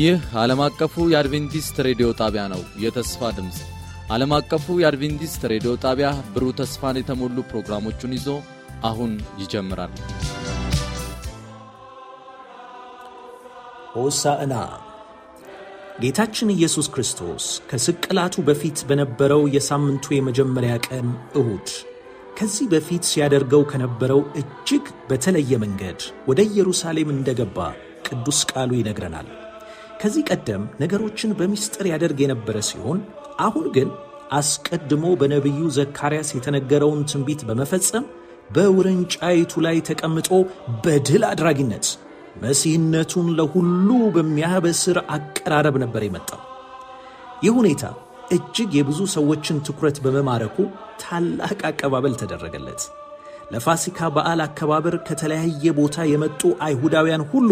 ይህ ዓለም አቀፉ የአድቬንቲስት ሬዲዮ ጣቢያ ነው። የተስፋ ድምፅ ዓለም አቀፉ የአድቬንቲስት ሬዲዮ ጣቢያ ብሩህ ተስፋን የተሞሉ ፕሮግራሞቹን ይዞ አሁን ይጀምራል። ሆሳዕና ጌታችን ኢየሱስ ክርስቶስ ከስቅላቱ በፊት በነበረው የሳምንቱ የመጀመሪያ ቀን እሁድ ከዚህ በፊት ሲያደርገው ከነበረው እጅግ በተለየ መንገድ ወደ ኢየሩሳሌም እንደገባ ቅዱስ ቃሉ ይነግረናል። ከዚህ ቀደም ነገሮችን በምስጢር ያደርግ የነበረ ሲሆን አሁን ግን አስቀድሞ በነቢዩ ዘካርያስ የተነገረውን ትንቢት በመፈጸም በውርንጫይቱ ላይ ተቀምጦ በድል አድራጊነት መሲህነቱን ለሁሉ በሚያበስር አቀራረብ ነበር የመጣው። ይህ ሁኔታ እጅግ የብዙ ሰዎችን ትኩረት በመማረኩ ታላቅ አቀባበል ተደረገለት። ለፋሲካ በዓል አከባበር ከተለያየ ቦታ የመጡ አይሁዳውያን ሁሉ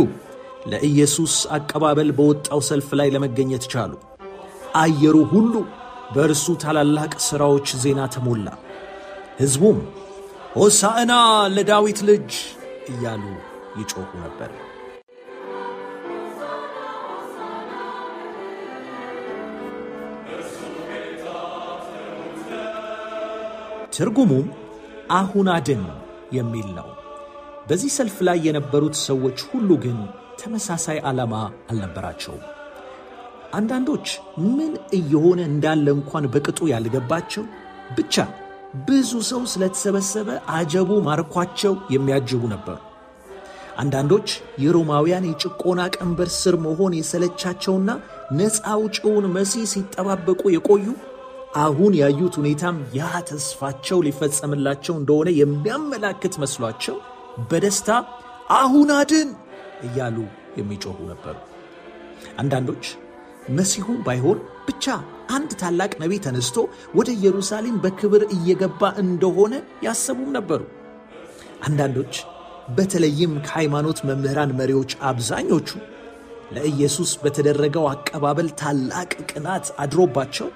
ለኢየሱስ አቀባበል በወጣው ሰልፍ ላይ ለመገኘት ቻሉ። አየሩ ሁሉ በእርሱ ታላላቅ ሥራዎች ዜና ተሞላ። ሕዝቡም ሆሳዕና ለዳዊት ልጅ እያሉ ይጮኹ ነበር። ትርጉሙም አሁን አድን የሚል ነው። በዚህ ሰልፍ ላይ የነበሩት ሰዎች ሁሉ ግን ተመሳሳይ ዓላማ አልነበራቸውም። አንዳንዶች ምን እየሆነ እንዳለ እንኳን በቅጡ ያልገባቸው ብቻ ብዙ ሰው ስለተሰበሰበ አጀቡ ማርኳቸው የሚያጅቡ ነበሩ። አንዳንዶች የሮማውያን የጭቆና ቀንበር ስር መሆን የሰለቻቸውና ነፃ አውጪውን መሲህ ሲጠባበቁ የቆዩ አሁን ያዩት ሁኔታም ያ ተስፋቸው ሊፈጸምላቸው እንደሆነ የሚያመላክት መስሏቸው በደስታ አሁን አድን እያሉ የሚጮሁ ነበሩ። አንዳንዶች መሲሁን ባይሆን ብቻ አንድ ታላቅ ነቢይ ተነስቶ ወደ ኢየሩሳሌም በክብር እየገባ እንደሆነ ያሰቡም ነበሩ። አንዳንዶች በተለይም ከሃይማኖት መምህራን መሪዎች አብዛኞቹ ለኢየሱስ በተደረገው አቀባበል ታላቅ ቅናት አድሮባቸው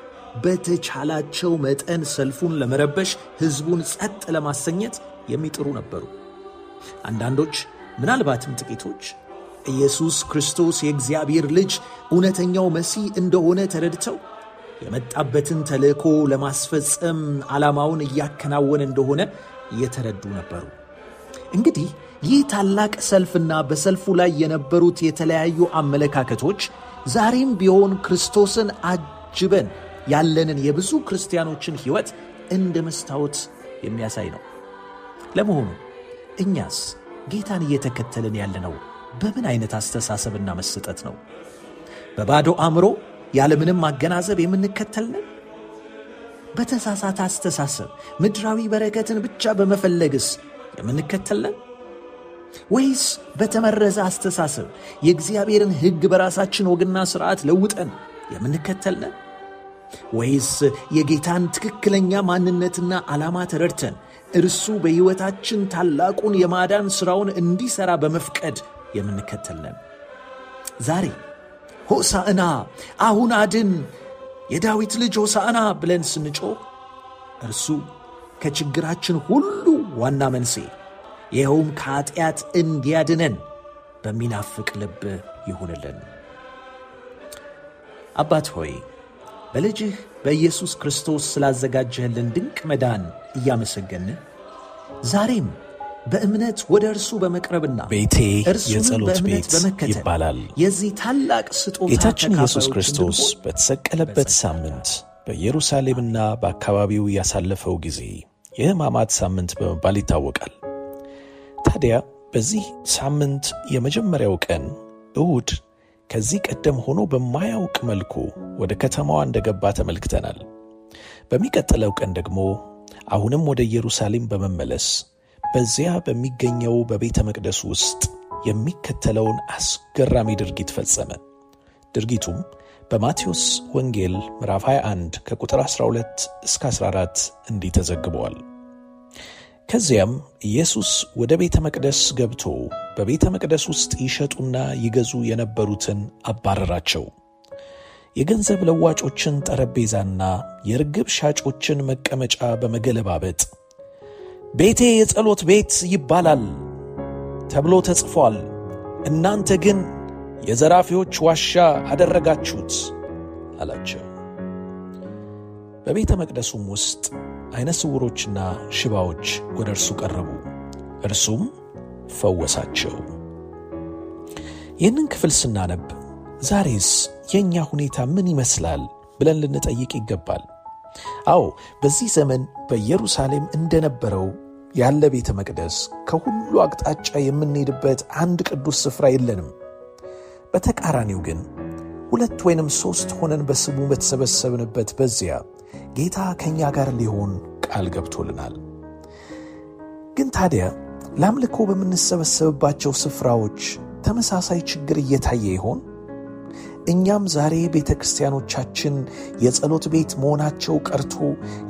በተቻላቸው መጠን ሰልፉን ለመረበሽ፣ ሕዝቡን ጸጥ ለማሰኘት የሚጥሩ ነበሩ። አንዳንዶች ምናልባትም ጥቂቶች ኢየሱስ ክርስቶስ የእግዚአብሔር ልጅ እውነተኛው መሲህ እንደሆነ ተረድተው የመጣበትን ተልእኮ ለማስፈጸም ዓላማውን እያከናወነ እንደሆነ እየተረዱ ነበሩ። እንግዲህ ይህ ታላቅ ሰልፍና በሰልፉ ላይ የነበሩት የተለያዩ አመለካከቶች ዛሬም ቢሆን ክርስቶስን አጅበን ያለንን የብዙ ክርስቲያኖችን ሕይወት እንደ መስታወት የሚያሳይ ነው። ለመሆኑ እኛስ ጌታን እየተከተልን ያለነው በምን አይነት አስተሳሰብና መሰጠት ነው? በባዶ አእምሮ ያለምንም ማገናዘብ የምንከተልነን? በተሳሳተ አስተሳሰብ ምድራዊ በረከትን ብቻ በመፈለግስ የምንከተልነን? ወይስ በተመረዘ አስተሳሰብ የእግዚአብሔርን ሕግ በራሳችን ወግና ሥርዓት ለውጠን የምንከተልነን? ወይስ የጌታን ትክክለኛ ማንነትና ዓላማ ተረድተን እርሱ በሕይወታችን ታላቁን የማዳን ሥራውን እንዲሠራ በመፍቀድ የምንከተል ዛሬ ሆሳዕና፣ አሁን አድን፣ የዳዊት ልጅ ሆሳዕና ብለን ስንጮህ እርሱ ከችግራችን ሁሉ ዋና መንሴ ይኸውም ከኀጢአት እንዲያድነን በሚናፍቅ ልብ ይሁንልን። አባት ሆይ በልጅህ በኢየሱስ ክርስቶስ ስላዘጋጀህልን ድንቅ መዳን እያመሰገንን ዛሬም በእምነት ወደ እርሱ በመቅረብና ቤቴ የጸሎት ቤት ይባላል። የዚህ ታላቅ ስጦታ ጌታችን ኢየሱስ ክርስቶስ በተሰቀለበት ሳምንት በኢየሩሳሌምና በአካባቢው ያሳለፈው ጊዜ የሕማማት ሳምንት በመባል ይታወቃል። ታዲያ በዚህ ሳምንት የመጀመሪያው ቀን እሁድ ከዚህ ቀደም ሆኖ በማያውቅ መልኩ ወደ ከተማዋ እንደገባ ተመልክተናል። በሚቀጥለው ቀን ደግሞ አሁንም ወደ ኢየሩሳሌም በመመለስ በዚያ በሚገኘው በቤተ መቅደስ ውስጥ የሚከተለውን አስገራሚ ድርጊት ፈጸመ። ድርጊቱም በማቴዎስ ወንጌል ምዕራፍ 21 ከቁጥር 12 እስከ 14 እንዲህ ተዘግበዋል። ከዚያም ኢየሱስ ወደ ቤተ መቅደስ ገብቶ በቤተ መቅደስ ውስጥ ይሸጡና ይገዙ የነበሩትን አባረራቸው። የገንዘብ ለዋጮችን ጠረጴዛና የርግብ ሻጮችን መቀመጫ በመገለባበጥ ቤቴ የጸሎት ቤት ይባላል ተብሎ ተጽፏል፣ እናንተ ግን የዘራፊዎች ዋሻ አደረጋችሁት አላቸው። በቤተ መቅደሱም ውስጥ ዐይነ ስውሮችና ሽባዎች ወደ እርሱ ቀረቡ፣ እርሱም ፈወሳቸው። ይህንን ክፍል ስናነብ ዛሬስ የእኛ ሁኔታ ምን ይመስላል ብለን ልንጠይቅ ይገባል። አዎ በዚህ ዘመን በኢየሩሳሌም እንደነበረው ያለ ቤተ መቅደስ ከሁሉ አቅጣጫ የምንሄድበት አንድ ቅዱስ ስፍራ የለንም። በተቃራኒው ግን ሁለት ወይንም ሦስት ሆነን በስሙ በተሰበሰብንበት በዚያ ጌታ ከእኛ ጋር ሊሆን ቃል ገብቶልናል። ግን ታዲያ ለአምልኮ በምንሰበሰብባቸው ስፍራዎች ተመሳሳይ ችግር እየታየ ይሆን? እኛም ዛሬ ቤተ ክርስቲያኖቻችን የጸሎት ቤት መሆናቸው ቀርቶ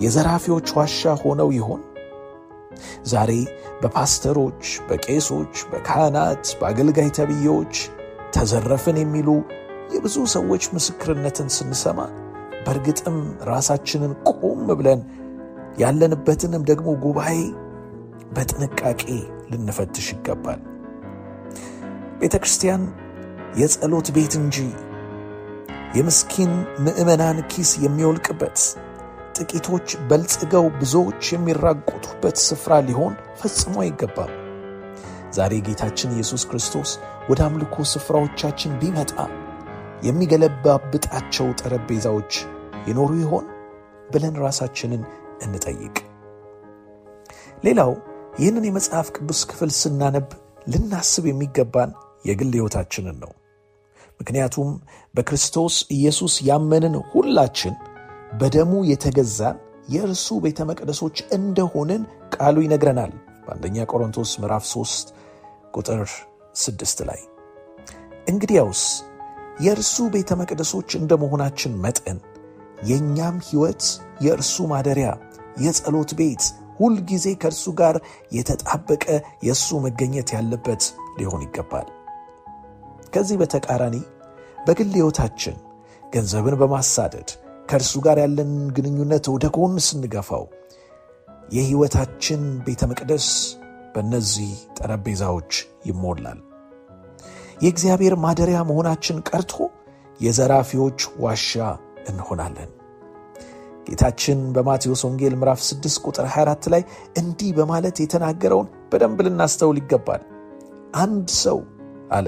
የዘራፊዎች ዋሻ ሆነው ይሆን? ዛሬ በፓስተሮች፣ በቄሶች፣ በካህናት፣ በአገልጋይ ተብዬዎች ተዘረፍን የሚሉ የብዙ ሰዎች ምስክርነትን ስንሰማ በእርግጥም ራሳችንን ቆም ብለን ያለንበትንም ደግሞ ጉባኤ በጥንቃቄ ልንፈትሽ ይገባል። ቤተ ክርስቲያን የጸሎት ቤት እንጂ የምስኪን ምዕመናን ኪስ የሚወልቅበት ጥቂቶች በልጽገው ብዙዎች የሚራቆቱበት ስፍራ ሊሆን ፈጽሞ አይገባም። ዛሬ ጌታችን ኢየሱስ ክርስቶስ ወደ አምልኮ ስፍራዎቻችን ቢመጣ የሚገለባብጣቸው ጠረጴዛዎች ይኖሩ ይሆን ብለን ራሳችንን እንጠይቅ። ሌላው ይህንን የመጽሐፍ ቅዱስ ክፍል ስናነብ ልናስብ የሚገባን የግል ሕይወታችንን ነው። ምክንያቱም በክርስቶስ ኢየሱስ ያመንን ሁላችን በደሙ የተገዛን የእርሱ ቤተ መቅደሶች እንደሆንን ቃሉ ይነግረናል በአንደኛ ቆሮንቶስ ምዕራፍ 3 ቁጥር 6 ላይ። እንግዲያውስ የእርሱ ቤተ መቅደሶች እንደመሆናችን መጠን የእኛም ሕይወት የእርሱ ማደሪያ፣ የጸሎት ቤት፣ ሁልጊዜ ከእርሱ ጋር የተጣበቀ የእሱ መገኘት ያለበት ሊሆን ይገባል። ከዚህ በተቃራኒ በግል ሕይወታችን ገንዘብን በማሳደድ ከእርሱ ጋር ያለን ግንኙነት ወደ ጎን ስንገፋው የሕይወታችን ቤተ መቅደስ በእነዚህ ጠረጴዛዎች ይሞላል። የእግዚአብሔር ማደሪያ መሆናችን ቀርቶ የዘራፊዎች ዋሻ እንሆናለን። ጌታችን በማቴዎስ ወንጌል ምዕራፍ 6 ቁጥር 24 ላይ እንዲህ በማለት የተናገረውን በደንብ ልናስተውል ይገባል። አንድ ሰው አለ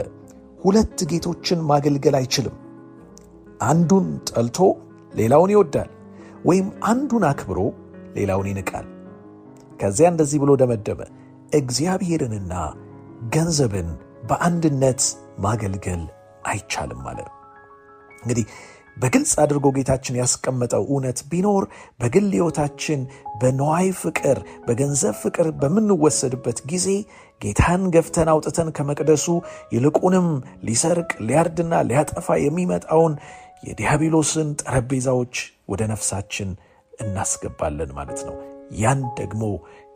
ሁለት ጌቶችን ማገልገል አይችልም። አንዱን ጠልቶ ሌላውን ይወዳል፣ ወይም አንዱን አክብሮ ሌላውን ይንቃል። ከዚያ እንደዚህ ብሎ ደመደመ፣ እግዚአብሔርንና ገንዘብን በአንድነት ማገልገል አይቻልም ማለት ነው። እንግዲህ በግልጽ አድርጎ ጌታችን ያስቀመጠው እውነት ቢኖር በግል ሕይወታችን በነዋይ ፍቅር፣ በገንዘብ ፍቅር በምንወሰድበት ጊዜ ጌታን ገፍተን አውጥተን ከመቅደሱ ይልቁንም ሊሰርቅ ሊያርድና ሊያጠፋ የሚመጣውን የዲያብሎስን ጠረጴዛዎች ወደ ነፍሳችን እናስገባለን ማለት ነው። ያን ደግሞ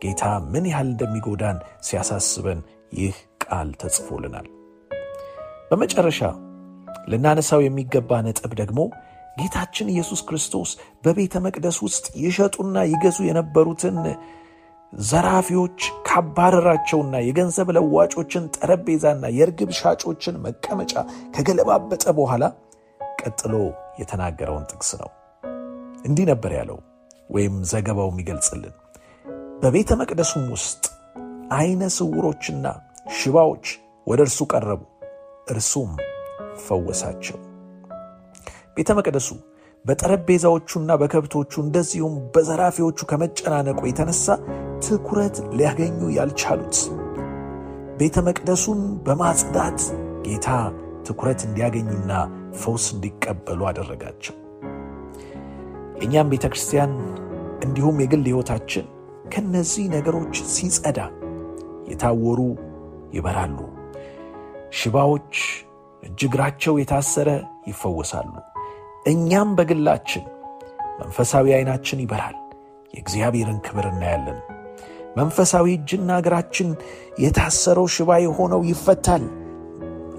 ጌታ ምን ያህል እንደሚጎዳን ሲያሳስበን ይህ ቃል ተጽፎልናል። በመጨረሻ ልናነሳው የሚገባ ነጥብ ደግሞ ጌታችን ኢየሱስ ክርስቶስ በቤተ መቅደስ ውስጥ ይሸጡና ይገዙ የነበሩትን ዘራፊዎች ካባረራቸውና የገንዘብ ለዋጮችን ጠረጴዛና የእርግብ ሻጮችን መቀመጫ ከገለባበጠ በኋላ ቀጥሎ የተናገረውን ጥቅስ ነው። እንዲህ ነበር ያለው ወይም ዘገባው የሚገልጽልን በቤተ መቅደሱም ውስጥ አይነ ስውሮችና ሽባዎች ወደ እርሱ ቀረቡ፣ እርሱም ፈወሳቸው። ቤተ መቅደሱ በጠረጴዛዎቹና በከብቶቹ እንደዚሁም በዘራፊዎቹ ከመጨናነቁ የተነሳ ትኩረት ሊያገኙ ያልቻሉት ቤተ መቅደሱን በማጽዳት ጌታ ትኩረት እንዲያገኙና ፈውስ እንዲቀበሉ አደረጋቸው። የእኛም ቤተ ክርስቲያን እንዲሁም የግል ሕይወታችን ከእነዚህ ነገሮች ሲጸዳ የታወሩ ይበራሉ፣ ሽባዎች እጅ እግራቸው የታሰረ ይፈወሳሉ፣ እኛም በግላችን መንፈሳዊ አይናችን ይበራል፣ የእግዚአብሔርን ክብር እናያለን። መንፈሳዊ እጅና እግራችን የታሰረው ሽባ የሆነው ይፈታል።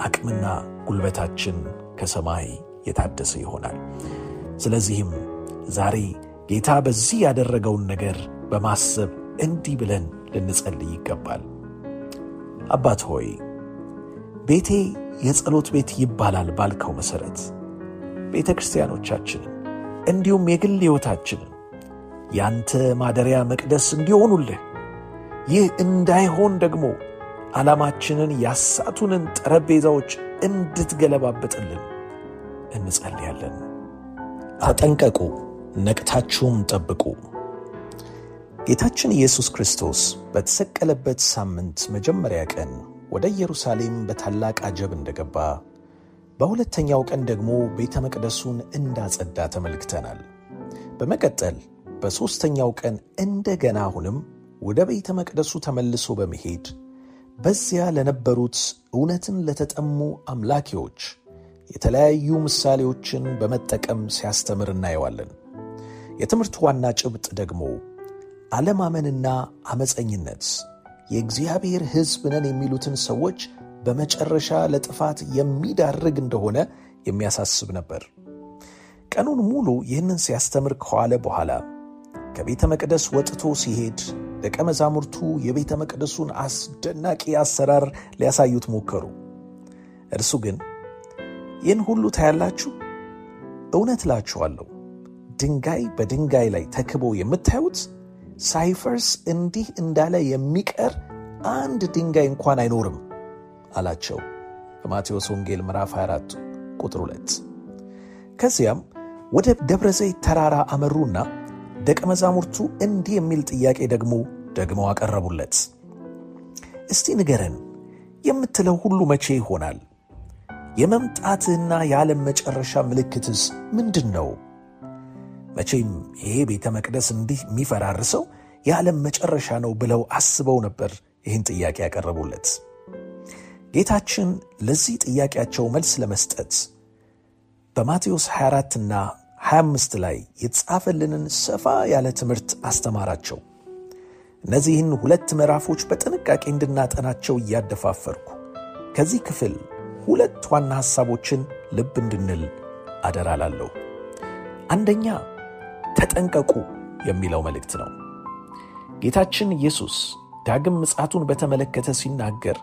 አቅምና ጉልበታችን ከሰማይ የታደሰ ይሆናል። ስለዚህም ዛሬ ጌታ በዚህ ያደረገውን ነገር በማሰብ እንዲህ ብለን ልንጸልይ ይገባል። አባት ሆይ ቤቴ የጸሎት ቤት ይባላል ባልከው መሠረት ቤተ ክርስቲያኖቻችንን እንዲሁም የግል ሕይወታችንን ያንተ ማደሪያ መቅደስ እንዲሆኑልህ ይህ እንዳይሆን ደግሞ ዓላማችንን ያሳቱንን ጠረጴዛዎች እንድትገለባብጥልን እንጸልያለን። አጠንቀቁ፣ ነቅታችሁም ጠብቁ። ጌታችን ኢየሱስ ክርስቶስ በተሰቀለበት ሳምንት መጀመሪያ ቀን ወደ ኢየሩሳሌም በታላቅ አጀብ እንደገባ በሁለተኛው ቀን ደግሞ ቤተ መቅደሱን እንዳጸዳ ተመልክተናል። በመቀጠል በሦስተኛው ቀን እንደገና አሁንም ወደ ቤተ መቅደሱ ተመልሶ በመሄድ በዚያ ለነበሩት እውነትን ለተጠሙ አምላኪዎች የተለያዩ ምሳሌዎችን በመጠቀም ሲያስተምር እናየዋለን። የትምህርቱ ዋና ጭብጥ ደግሞ አለማመንና አመፀኝነት የእግዚአብሔር ሕዝብ ነን የሚሉትን ሰዎች በመጨረሻ ለጥፋት የሚዳርግ እንደሆነ የሚያሳስብ ነበር። ቀኑን ሙሉ ይህንን ሲያስተምር ከኋለ በኋላ ከቤተ መቅደስ ወጥቶ ሲሄድ ደቀ መዛሙርቱ የቤተ መቅደሱን አስደናቂ አሰራር ሊያሳዩት ሞከሩ። እርሱ ግን ይህን ሁሉ ታያላችሁ፣ እውነት እላችኋለሁ ድንጋይ በድንጋይ ላይ ተክቦ የምታዩት ሳይፈርስ እንዲህ እንዳለ የሚቀር አንድ ድንጋይ እንኳን አይኖርም አላቸው። በማቴዎስ ወንጌል ምዕራፍ 24 ቁጥር 2። ከዚያም ወደ ደብረ ዘይት ተራራ አመሩና ደቀ መዛሙርቱ እንዲህ የሚል ጥያቄ ደግሞ ደግመው አቀረቡለት። እስቲ ንገረን የምትለው ሁሉ መቼ ይሆናል? የመምጣትህና የዓለም መጨረሻ ምልክትስ ምንድን ነው? መቼም ይሄ ቤተ መቅደስ እንዲህ የሚፈራርሰው የዓለም መጨረሻ ነው ብለው አስበው ነበር ይህን ጥያቄ ያቀረቡለት። ጌታችን ለዚህ ጥያቄያቸው መልስ ለመስጠት በማቴዎስ 24 እና 25 ላይ የተጻፈልንን ሰፋ ያለ ትምህርት አስተማራቸው። እነዚህን ሁለት ምዕራፎች በጥንቃቄ እንድናጠናቸው እያደፋፈርኩ ከዚህ ክፍል ሁለት ዋና ሐሳቦችን ልብ እንድንል አደራላለሁ። አንደኛ ተጠንቀቁ የሚለው መልእክት ነው። ጌታችን ኢየሱስ ዳግም ምጻቱን በተመለከተ ሲናገር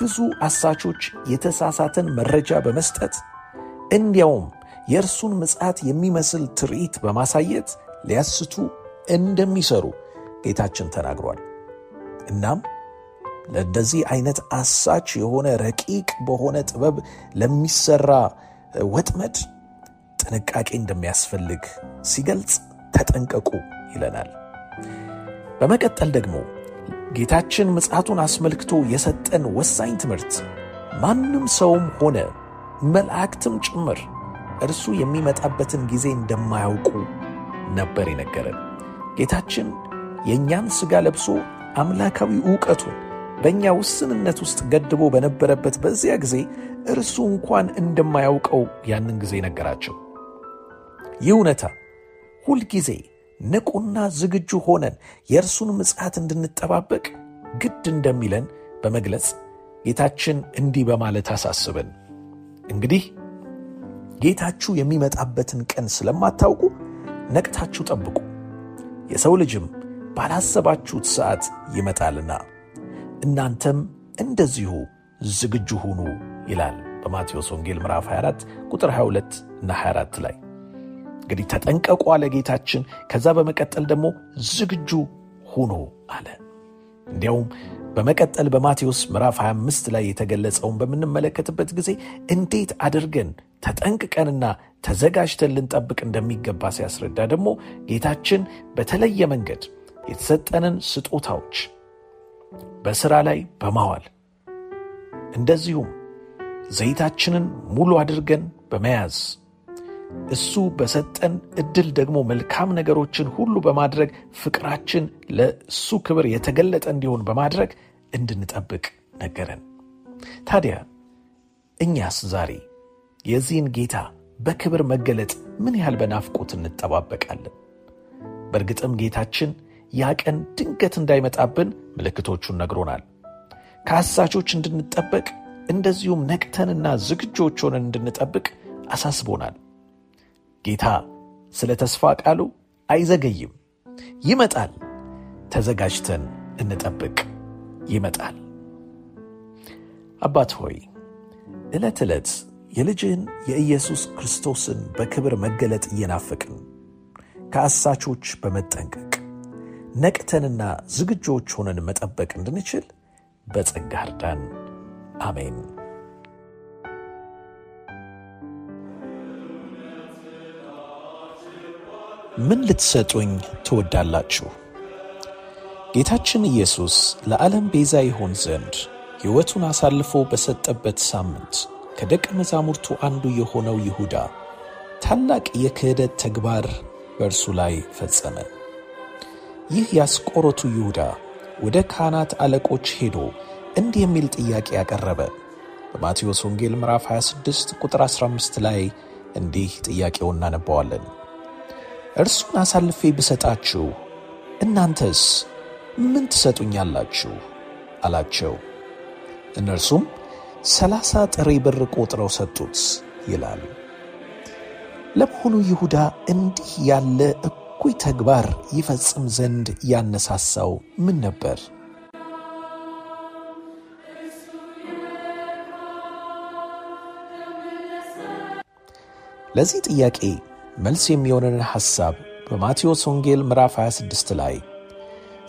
ብዙ አሳቾች የተሳሳተን መረጃ በመስጠት እንዲያውም የእርሱን ምጽዓት የሚመስል ትርኢት በማሳየት ሊያስቱ እንደሚሰሩ ጌታችን ተናግሯል። እናም ለእንደዚህ አይነት አሳች የሆነ ረቂቅ በሆነ ጥበብ ለሚሰራ ወጥመድ ጥንቃቄ እንደሚያስፈልግ ሲገልጽ ተጠንቀቁ ይለናል። በመቀጠል ደግሞ ጌታችን ምጽአቱን አስመልክቶ የሰጠን ወሳኝ ትምህርት ማንም ሰውም ሆነ መላእክትም ጭምር እርሱ የሚመጣበትን ጊዜ እንደማያውቁ ነበር የነገረን። ጌታችን የእኛን ሥጋ ለብሶ አምላካዊ ዕውቀቱን በእኛ ውስንነት ውስጥ ገድቦ በነበረበት በዚያ ጊዜ እርሱ እንኳን እንደማያውቀው ያንን ጊዜ ነገራቸው። ይህ እውነታ ሁልጊዜ ንቁና ዝግጁ ሆነን የእርሱን ምጽአት እንድንጠባበቅ ግድ እንደሚለን በመግለጽ ጌታችን እንዲህ በማለት አሳስበን፣ እንግዲህ ጌታችሁ የሚመጣበትን ቀን ስለማታውቁ ነቅታችሁ ጠብቁ፣ የሰው ልጅም ባላሰባችሁት ሰዓት ይመጣልና እናንተም እንደዚሁ ዝግጁ ሁኑ ይላል በማቴዎስ ወንጌል ምዕራፍ 24 ቁጥር 22 እና 24 ላይ። እንግዲህ ተጠንቀቁ አለ ጌታችን። ከዛ በመቀጠል ደግሞ ዝግጁ ሁኑ አለ። እንዲያውም በመቀጠል በማቴዎስ ምዕራፍ 25 ላይ የተገለጸውን በምንመለከትበት ጊዜ እንዴት አድርገን ተጠንቅቀንና ተዘጋጅተን ልንጠብቅ እንደሚገባ ሲያስረዳ ደግሞ ጌታችን በተለየ መንገድ የተሰጠንን ስጦታዎች በሥራ ላይ በማዋል እንደዚሁም ዘይታችንን ሙሉ አድርገን በመያዝ እሱ በሰጠን እድል ደግሞ መልካም ነገሮችን ሁሉ በማድረግ ፍቅራችን ለእሱ ክብር የተገለጠ እንዲሆን በማድረግ እንድንጠብቅ ነገረን። ታዲያ እኛስ ዛሬ የዚህን ጌታ በክብር መገለጥ ምን ያህል በናፍቆት እንጠባበቃለን? በእርግጥም ጌታችን ያ ቀን ድንገት እንዳይመጣብን ምልክቶቹን ነግሮናል። ከአሳቾች እንድንጠበቅ እንደዚሁም ነቅተንና ዝግጆች ሆነን እንድንጠብቅ አሳስቦናል። ጌታ ስለ ተስፋ ቃሉ አይዘገይም፣ ይመጣል። ተዘጋጅተን እንጠብቅ፣ ይመጣል። አባት ሆይ ዕለት ዕለት የልጅህን የኢየሱስ ክርስቶስን በክብር መገለጥ እየናፈቅን ከአሳቾች በመጠንቀቅ ነቅተንና ዝግጆች ሆነን መጠበቅ እንድንችል በጸጋ እርዳን። አሜን። ምን ልትሰጡኝ ትወዳላችሁ? ጌታችን ኢየሱስ ለዓለም ቤዛ ይሆን ዘንድ ሕይወቱን አሳልፎ በሰጠበት ሳምንት ከደቀ መዛሙርቱ አንዱ የሆነው ይሁዳ ታላቅ የክህደት ተግባር በእርሱ ላይ ፈጸመ። ይህ ያስቆሮቱ ይሁዳ ወደ ካህናት አለቆች ሄዶ እንዲህ የሚል ጥያቄ ያቀረበ በማቴዎስ ወንጌል ምዕራፍ 26 ቁጥር 15 ላይ እንዲህ ጥያቄውን እናነባዋለን። እርሱን አሳልፌ ብሰጣችሁ እናንተስ ምን ትሰጡኛላችሁ አላቸው። እነርሱም ሰላሳ ጥሬ ብር ቆጥረው ሰጡት ይላል። ለመሆኑ ይሁዳ እንዲህ ያለ እኩይ ተግባር ይፈጽም ዘንድ ያነሳሳው ምን ነበር? ለዚህ ጥያቄ መልስ የሚሆንን ሐሳብ በማቴዎስ ወንጌል ምዕራፍ 26 ላይ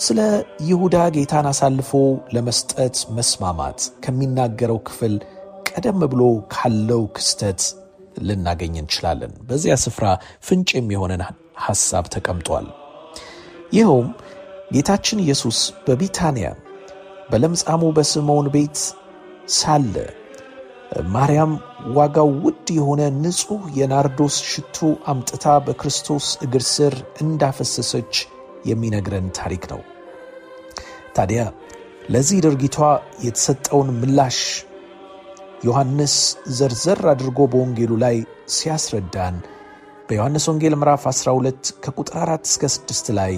ስለ ይሁዳ ጌታን አሳልፎ ለመስጠት መስማማት ከሚናገረው ክፍል ቀደም ብሎ ካለው ክስተት ልናገኝ እንችላለን። በዚያ ስፍራ ፍንጭ የሚሆነን ሐሳብ ተቀምጧል። ይኸውም ጌታችን ኢየሱስ በቢታንያ በለምጻሙ በስምዖን ቤት ሳለ ማርያም ዋጋው ውድ የሆነ ንጹሕ የናርዶስ ሽቱ አምጥታ በክርስቶስ እግር ስር እንዳፈሰሰች የሚነግረን ታሪክ ነው። ታዲያ ለዚህ ድርጊቷ የተሰጠውን ምላሽ ዮሐንስ ዘርዘር አድርጎ በወንጌሉ ላይ ሲያስረዳን በዮሐንስ ወንጌል ምዕራፍ 12 ከቁጥር 4 እስከ 6 ላይ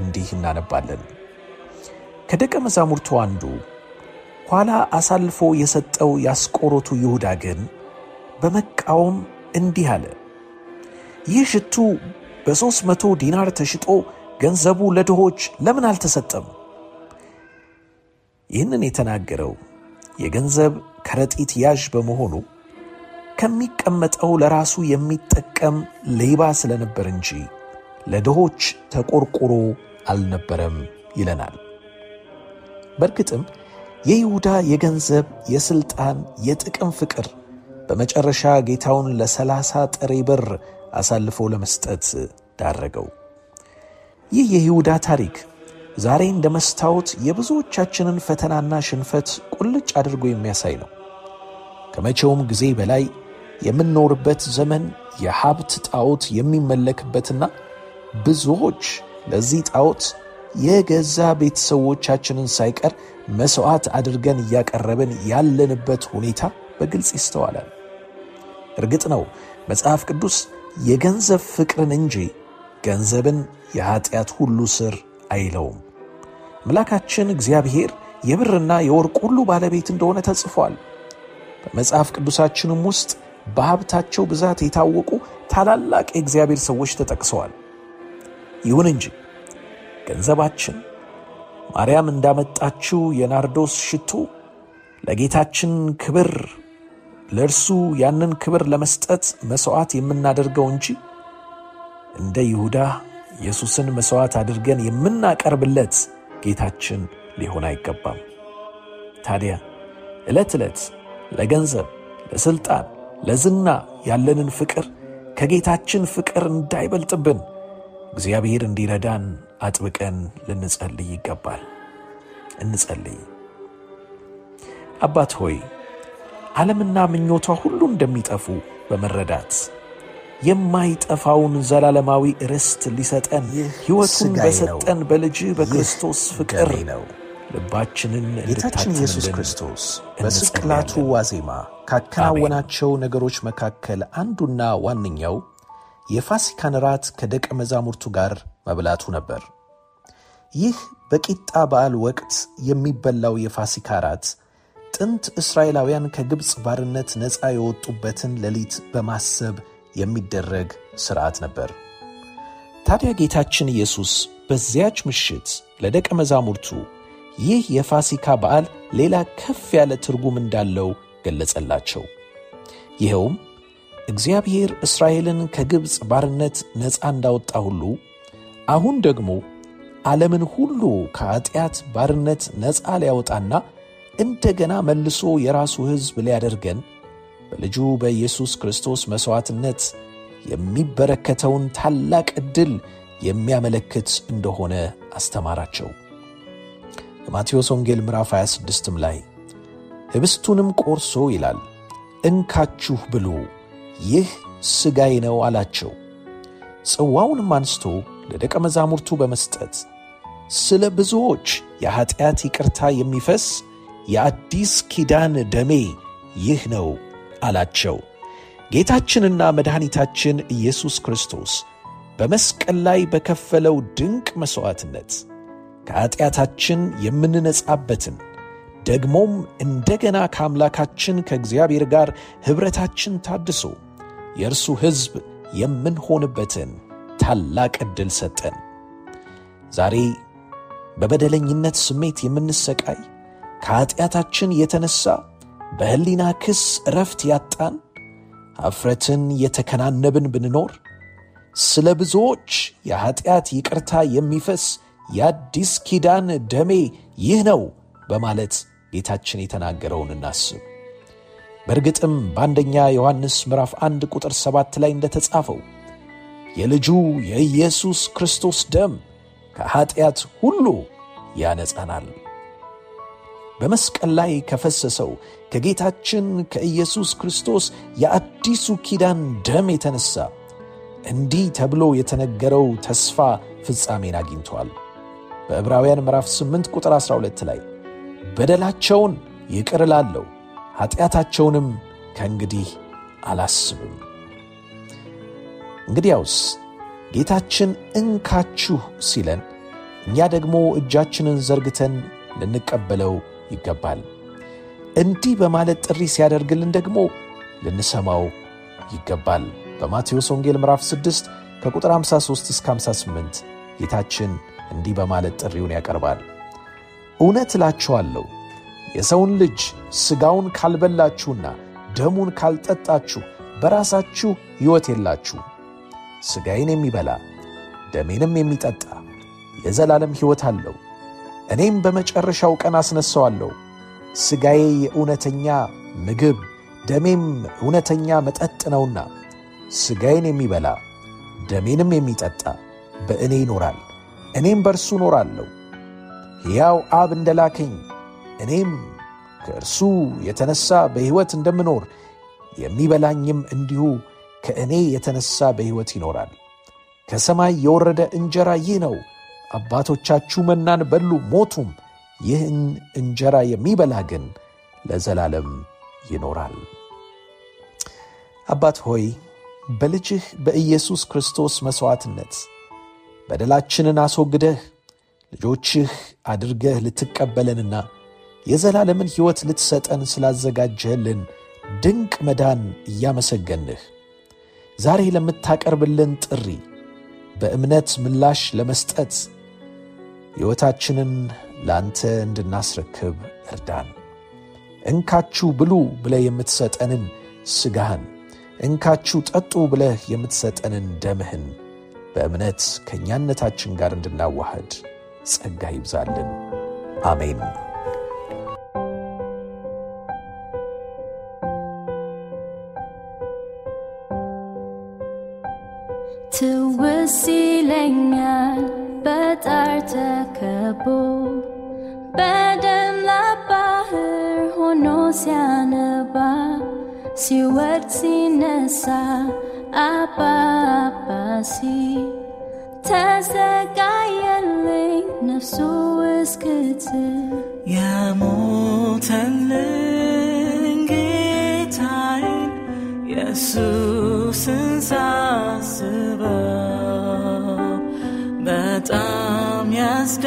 እንዲህ እናነባለን። ከደቀ መዛሙርቱ አንዱ ኋላ አሳልፎ የሰጠው ያስቆሮቱ ይሁዳ ግን በመቃወም እንዲህ አለ፣ ይህ ሽቱ በሦስት መቶ ዲናር ተሽጦ ገንዘቡ ለድሆች ለምን አልተሰጠም? ይህንን የተናገረው የገንዘብ ከረጢት ያዥ በመሆኑ ከሚቀመጠው ለራሱ የሚጠቀም ሌባ ስለነበር እንጂ ለድሆች ተቆርቆሮ አልነበረም ይለናል። በእርግጥም የይሁዳ የገንዘብ፣ የሥልጣን፣ የጥቅም ፍቅር በመጨረሻ ጌታውን ለሰላሳ ጥሬ ብር አሳልፎ ለመስጠት ዳረገው። ይህ የይሁዳ ታሪክ ዛሬ እንደ መስታወት የብዙዎቻችንን ፈተናና ሽንፈት ቁልጭ አድርጎ የሚያሳይ ነው። ከመቼውም ጊዜ በላይ የምንኖርበት ዘመን የሀብት ጣዖት የሚመለክበትና ብዙዎች ለዚህ ጣዖት የገዛ ቤተሰቦቻችንን ሳይቀር መሥዋዕት አድርገን እያቀረብን ያለንበት ሁኔታ በግልጽ ይስተዋላል። እርግጥ ነው መጽሐፍ ቅዱስ የገንዘብ ፍቅርን እንጂ ገንዘብን የኀጢአት ሁሉ ስር አይለውም። አምላካችን እግዚአብሔር የብርና የወርቅ ሁሉ ባለቤት እንደሆነ ተጽፏል። በመጽሐፍ ቅዱሳችንም ውስጥ በሀብታቸው ብዛት የታወቁ ታላላቅ የእግዚአብሔር ሰዎች ተጠቅሰዋል። ይሁን እንጂ ገንዘባችን ማርያም እንዳመጣችው የናርዶስ ሽቱ ለጌታችን ክብር ለእርሱ ያንን ክብር ለመስጠት መሥዋዕት የምናደርገው እንጂ እንደ ይሁዳ ኢየሱስን መሥዋዕት አድርገን የምናቀርብለት ጌታችን ሊሆን አይገባም። ታዲያ ዕለት ዕለት ለገንዘብ፣ ለሥልጣን፣ ለዝና ያለንን ፍቅር ከጌታችን ፍቅር እንዳይበልጥብን እግዚአብሔር እንዲረዳን አጥብቀን ልንጸልይ ይገባል። እንጸልይ። አባት ሆይ ዓለምና ምኞቷ ሁሉ እንደሚጠፉ በመረዳት የማይጠፋውን ዘላለማዊ ርስት ሊሰጠን ሕይወቱን በሰጠን በልጅ በክርስቶስ ፍቅር ነው ልባችንን ጌታችን ኢየሱስ ክርስቶስ በስቅላቱ ዋዜማ ካከናወናቸው ነገሮች መካከል አንዱና ዋነኛው የፋሲካን ራት ከደቀ መዛሙርቱ ጋር መብላቱ ነበር። ይህ በቂጣ በዓል ወቅት የሚበላው የፋሲካ ራት ጥንት እስራኤላውያን ከግብፅ ባርነት ነፃ የወጡበትን ሌሊት በማሰብ የሚደረግ ሥርዓት ነበር። ታዲያ ጌታችን ኢየሱስ በዚያች ምሽት ለደቀ መዛሙርቱ ይህ የፋሲካ በዓል ሌላ ከፍ ያለ ትርጉም እንዳለው ገለጸላቸው። ይኸውም እግዚአብሔር እስራኤልን ከግብፅ ባርነት ነፃ እንዳወጣ ሁሉ አሁን ደግሞ ዓለምን ሁሉ ከኀጢአት ባርነት ነፃ ሊያወጣና እንደገና መልሶ የራሱ ሕዝብ ሊያደርገን በልጁ በኢየሱስ ክርስቶስ መሥዋዕትነት የሚበረከተውን ታላቅ ዕድል የሚያመለክት እንደሆነ አስተማራቸው። በማቴዎስ ወንጌል ምዕራፍ 26ም ላይ ኅብስቱንም ቆርሶ ይላል እንካችሁ ብሉ፣ ይህ ሥጋዬ ነው አላቸው። ጽዋውንም አንስቶ ለደቀ መዛሙርቱ በመስጠት ስለ ብዙዎች የኀጢአት ይቅርታ የሚፈስ የአዲስ ኪዳን ደሜ ይህ ነው አላቸው። ጌታችንና መድኃኒታችን ኢየሱስ ክርስቶስ በመስቀል ላይ በከፈለው ድንቅ መሥዋዕትነት ከኀጢአታችን የምንነጻበትን ደግሞም እንደገና ከአምላካችን ከእግዚአብሔር ጋር ኅብረታችን ታድሶ የእርሱ ሕዝብ የምንሆንበትን ታላቅ ዕድል ሰጠን። ዛሬ በበደለኝነት ስሜት የምንሰቃይ ከኀጢአታችን የተነሣ በሕሊና ክስ እረፍት ያጣን አፍረትን የተከናነብን ብንኖር ስለ ብዙዎች የኀጢአት ይቅርታ የሚፈስ የአዲስ ኪዳን ደሜ ይህ ነው በማለት ጌታችን የተናገረውን እናስብ። በእርግጥም በአንደኛ ዮሐንስ ምዕራፍ አንድ ቁጥር ሰባት ላይ እንደተጻፈው የልጁ የኢየሱስ ክርስቶስ ደም ከኀጢአት ሁሉ ያነጻናል። በመስቀል ላይ ከፈሰሰው ከጌታችን ከኢየሱስ ክርስቶስ የአዲሱ ኪዳን ደም የተነሳ እንዲህ ተብሎ የተነገረው ተስፋ ፍጻሜን አግኝቷል። በዕብራውያን ምዕራፍ 8 ቁጥር 12 ላይ በደላቸውን ይቅር እላለሁ፣ ኃጢአታቸውንም ከእንግዲህ አላስብም። እንግዲያውስ ጌታችን እንካችሁ ሲለን እኛ ደግሞ እጃችንን ዘርግተን ልንቀበለው ይገባል። እንዲህ በማለት ጥሪ ሲያደርግልን ደግሞ ልንሰማው ይገባል። በማቴዎስ ወንጌል ምዕራፍ 6 ከቁጥር 53 እስከ 58 ጌታችን እንዲህ በማለት ጥሪውን ያቀርባል። እውነት እላችኋለሁ የሰውን ልጅ ሥጋውን ካልበላችሁና ደሙን ካልጠጣችሁ በራሳችሁ ሕይወት የላችሁ። ሥጋዬን የሚበላ ደሜንም የሚጠጣ የዘላለም ሕይወት አለው እኔም በመጨረሻው ቀን አስነሣዋለሁ። ሥጋዬ የእውነተኛ ምግብ ደሜም እውነተኛ መጠጥ ነውና ሥጋዬን የሚበላ ደሜንም የሚጠጣ በእኔ ይኖራል፣ እኔም በእርሱ እኖራለሁ። ሕያው አብ እንደላከኝ እኔም ከእርሱ የተነሣ በሕይወት እንደምኖር የሚበላኝም እንዲሁ ከእኔ የተነሣ በሕይወት ይኖራል። ከሰማይ የወረደ እንጀራ ይህ ነው። አባቶቻችሁ መናን በሉ ሞቱም፣ ይህን እንጀራ የሚበላ ግን ለዘላለም ይኖራል። አባት ሆይ በልጅህ በኢየሱስ ክርስቶስ መሥዋዕትነት በደላችንን አስወግደህ ልጆችህ አድርገህ ልትቀበለንና የዘላለምን ሕይወት ልትሰጠን ስላዘጋጀህልን ድንቅ መዳን እያመሰገንህ ዛሬ ለምታቀርብልን ጥሪ በእምነት ምላሽ ለመስጠት ሕይወታችንን ላንተ እንድናስረክብ እርዳን። እንካችሁ ብሉ ብለህ የምትሰጠንን ሥጋህን፣ እንካችሁ ጠጡ ብለህ የምትሰጠንን ደምህን በእምነት ከእኛነታችን ጋር እንድናዋህድ ጸጋ ይብዛልን። አሜን። ትውስ ይለኛል በጣር ተከቦ በደም ላባህር ሆኖ ሲያነባ ሲወድ ሲነሳ አባባሲ ተሰቃየልኝ ነፍሱ እስክትል የሞተልኝ ጌታዬን ኢየሱስን ሳስበው በጣም ያስደ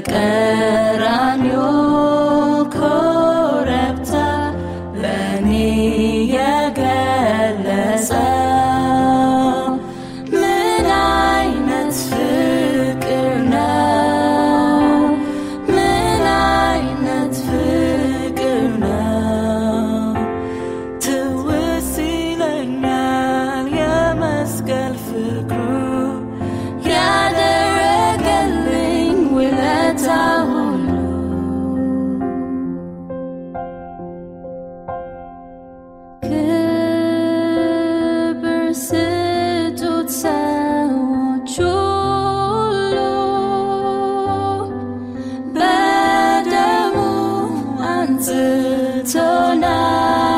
again. 自责难。